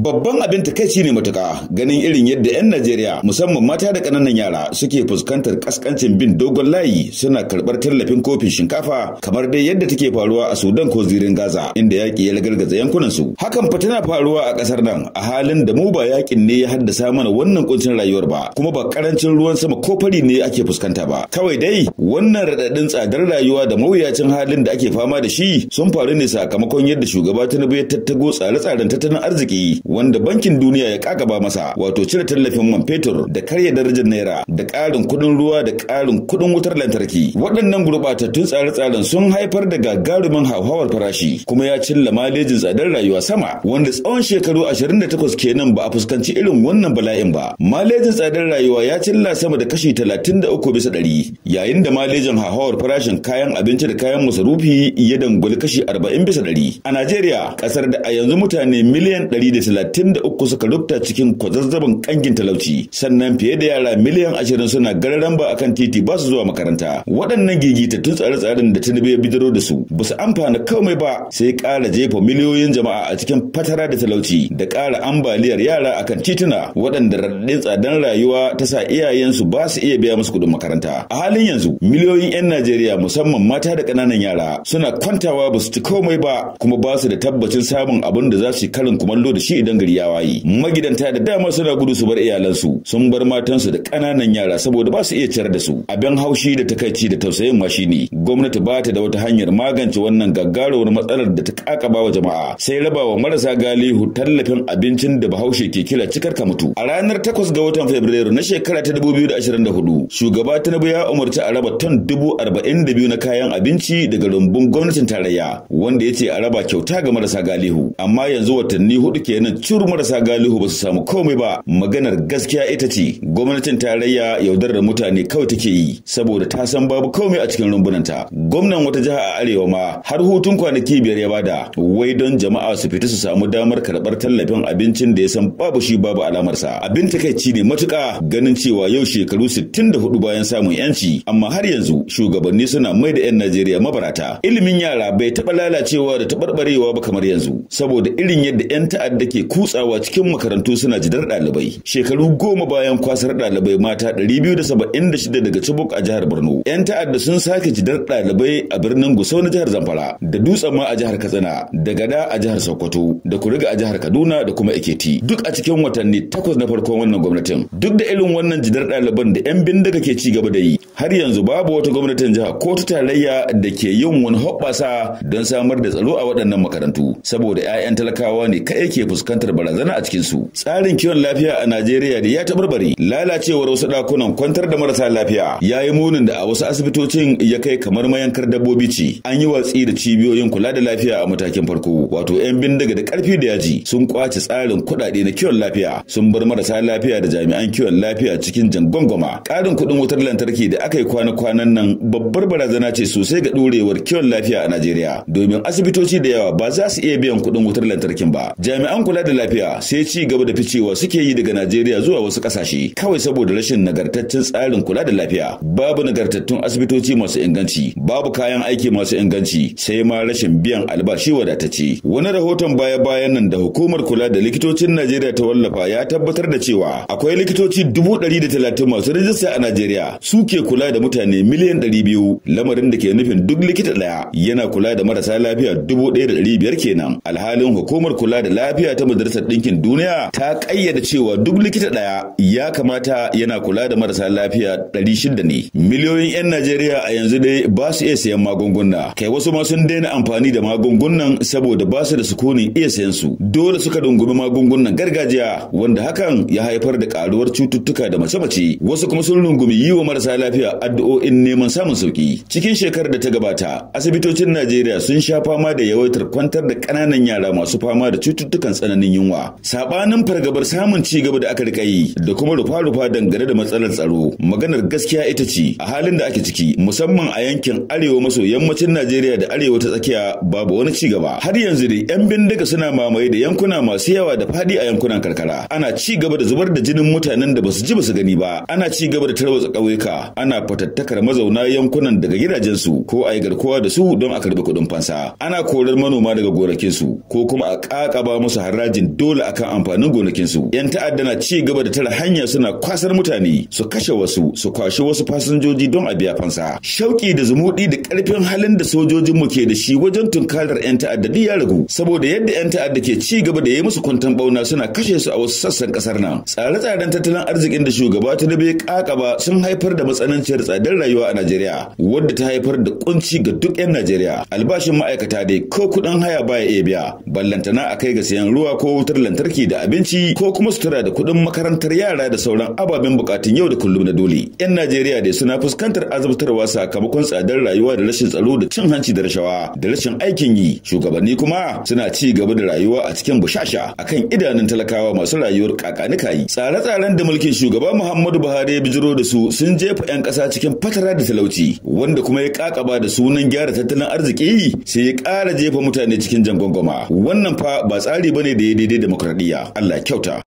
Babban abin ta takaici ne matuka ganin irin yadda 'yan Najeriya musamman mata da kananan yara suke fuskantar kaskancin bin dogon layi suna karɓar tallafin kofin shinkafa kamar dai yadda take faruwa a Sudan ko zirin Gaza inda yaƙi ya lagargaza yankunan su. Hakan fa tana faruwa a ƙasar nan a halin da mu ba yaƙin ne ya haddasa mana wannan kuncin rayuwar ba kuma ba ƙarancin ruwan sama ko fari ne ake fuskanta ba. Kawai dai wannan raɗaɗin tsadar rayuwa da mawuyacin halin da ake fama da shi sun faru ne sakamakon yadda shugaba Tinubu ya tattago tsare-tsaren tattalin arziki wanda bankin duniya ya kakaba masa wato cire tallafin man fetur da karya darajar naira da ƙarin kuɗin ruwa da ƙarin kuɗin wutar lantarki waɗannan gurɓatattun tsare-tsaren sun haifar da gagarumin hauhawar farashi kuma ya cilla malejin tsadar rayuwa sama wanda tsawon shekaru ashirin 28 kenan ba a fuskanci irin wannan bala'in ba malejin tsadar rayuwa ya cilla sama da kashi 33 bisa ɗari yayin da malejin hauhawar farashin kayan abinci da kayan masarufi ya dangwali kashi arba'in bisa ɗari a Najeriya ƙasar da a yanzu mutane miliyan 130 da uku suka rubta cikin kwazazzaban kangin talauci sannan fiye da yara miliyan ashirin suna gararan ba akan titi ba su zuwa makaranta waɗannan tun tsare-tsaren da tinubu ya bidiro da su ba su amfana komai ba sai ƙara jefa miliyoyin jama'a a cikin fatara da talauci da ƙara ambaliyar yara akan tituna waɗanda raɗaɗin tsadan rayuwa ta sa iyayensu ba su iya biya musu kuɗin makaranta a halin yanzu miliyoyin 'yan najeriya musamman mata da ƙananan yara suna kwantawa ba su ci komai ba kuma ba su da tabbacin samun abin da za su yi karin kumallo da shi idan gidan gari ya waye magidanta da dama suna gudu su bar iyalansu sun bar matansu da ƙananan yara saboda ba su iya ciyar da su abin haushi da takaici da tausayin ma shine gwamnati ba ta da wata hanyar magance wannan gaggarawar matsalar da ta kakaba wa jama'a sai rabawa marasa galihu tallafin abincin da bahaushe ke kira cikar ka mutu a ranar 8 ga watan fabrairu na shekara ta 2024 shugaba ta tinubu ya umarci a raba ton 42 na kayan abinci daga rumbun gwamnatin tarayya wanda ya ce a raba kyauta ga marasa galihu amma yanzu watanni hudu kenan cur marasa galihu ba su samu komai ba maganar gaskiya ita ce gwamnatin tarayya yaudar da mutane kawai take yi saboda ta san babu komai a cikin rumbunanta gwamnan wata jiha a arewa ma har hutun kwanaki biyar ya bada wai don jama'a su fita su samu damar karɓar tallafin abincin da ya san babu shi babu alamarsa abin takaici ne matuka. ganin cewa yau shekaru sittin da hudu bayan samun yanci amma har yanzu shugabanni suna mai da 'yan Najeriya mabarata ilimin yara bai taɓa lalacewa da taɓarɓarewa ba kamar yanzu saboda irin yadda 'yan ta'adda ke kutsawa cikin makarantu suna jidar ɗalibai. Shekaru goma bayan kwasar ɗalibai mata 276 daga Chibok a jihar Borno. 'Yan ta'adda sun sake jidar ɗalibai a birnin Gusau na jihar Zamfara, da Dutsen ma a jihar Katsina, da Gada a jihar Sokoto, da Kuriga a jihar Kaduna da kuma Ekiti. Duk a cikin watanni takwas na farkon wannan gwamnatin. Duk da irin wannan jidar ɗaliban da 'yan bindiga ke ci gaba da yi. Har yanzu babu wata gwamnatin jiha ko ta tarayya da ke yin wani hoɓɓasa don samar da tsaro a waɗannan makarantu. Saboda 'ya'yan talakawa ne kai ke fuskantar fuskantar barazana a cikinsu. Tsarin kiwon lafiya a Najeriya da ya tabarbare lalacewar wasu ɗakunan kwantar da marasa lafiya ya yi munin da a wasu asibitocin ya kai kamar mayankar dabbobi ce. An yi watsi da cibiyoyin kula da lafiya a matakin farko wato 'yan bindiga da ƙarfi da yaji sun kwace tsarin kuɗaɗe na kiwon lafiya sun bar marasa lafiya da jami'an kiwon lafiya cikin jangwangwama. Ƙarin kuɗin wutar lantarki da aka yi kwana-kwanan nan babbar barazana ce sosai ga ɗorewar kiwon lafiya a Najeriya domin asibitoci da yawa ba za su iya biyan kuɗin wutar lantarkin ba. Jami'an kula da da lafiya sai ci gaba da ficewa suke yi daga Najeriya zuwa wasu kasashe kawai saboda rashin nagartaccen tsarin kula da lafiya babu nagartattun asibitoci masu inganci babu kayan aiki masu inganci sai ma rashin biyan albashi wadatacce wani rahoton baya-bayan nan da hukumar kula da likitocin Najeriya ta wallafa ya tabbatar da cewa akwai likitoci dubu ɗari da talatin masu rijista a Najeriya suke kula da mutane miliyan ɗari biyu lamarin da ke nufin duk likita ɗaya yana kula da marasa lafiya dubu ɗaya da ɗari biyar kenan alhalin hukumar kula da lafiya ta majalisar ɗinkin duniya ta ƙayyade cewa duk likita ɗaya ya kamata yana kula da marasa lafiya ɗari shida ne miliyoyin 'yan najeriya a yanzu dai ba su iya sayan magunguna kai wasu ma sun daina amfani da magungunan saboda ba su da sukunin iya sayan su dole suka dungumi magungunan gargajiya wanda hakan ya haifar da karuwar cututtuka da mace-mace wasu kuma sun rungumi yi wa marasa lafiya addu'o'in neman samun sauki cikin shekarar da ta gabata asibitocin najeriya sun sha fama da yawaitar kwantar da ƙananan yara masu fama da cututtukan tsanani tsakanin yunwa sabanin fargabar samun ci gaba da aka rika yi da kuma rufa-rufa dangane da matsalar tsaro maganar gaskiya ita ce a halin da ake ciki musamman a yankin arewa maso yammacin Najeriya da arewa ta tsakiya babu wani ci gaba har yanzu dai yan bindiga suna mamaye da yankuna masu yawa da fadi a yankunan karkara ana ci gaba da zubar da jinin mutanen da basu ji basu gani ba ana ci gaba da tarwatsa ƙauyuka ana fatattakar mazauna yankunan daga gidajensu ko a yi garkuwa da su don a karbi kuɗin fansa ana korar manoma daga gonakinsu ko kuma a ƙaƙaba musu haraji harajin dole akan amfanin gonakinsu. 'Yan ta'adda na ci gaba da tara hanya suna kwasar mutane su kashe wasu su kwashe wasu fasinjoji don a biya fansa. Shauki da zumuɗi da karfin halin da sojojin mu ke da shi wajen tunkarar 'yan ta'adda duk ya ragu saboda yadda 'yan ta'adda ke ci gaba da yi musu kuntan bauna suna kashe su a wasu sassan ƙasar nan. Tsare-tsaren tattalin arzikin da shugaba ta dabe ƙaƙaba sun haifar da matsananciyar tsadar rayuwa a Najeriya wadda ta haifar da kunci ga duk 'yan Najeriya. Albashin ma'aikata dai ko kuɗin haya baya iya biya ballantana a kai ga sayan ruwa ko wutar lantarki da abinci ko kuma sutura da kuɗin makarantar yara da sauran ababen bukatun yau da kullum na dole. 'Yan Najeriya dai suna fuskantar azabtarwa sakamakon tsadar rayuwa da rashin tsaro da cin hanci da rashawa da rashin aikin yi. Shugabanni kuma suna ci gaba da rayuwa a cikin bushasha akan idanun talakawa masu rayuwar kakanikayi. Tsare-tsaren da mulkin shugaba Muhammadu Buhari ya bijiro da su sun jefa 'yan ƙasa cikin fatara da talauci wanda kuma ya kakaba da sunan gyara tattalin arziki sai ya ƙara jefa mutane cikin jan gwangwama. Wannan fa ba tsari bane da daidai demokradiyya Allah kyauta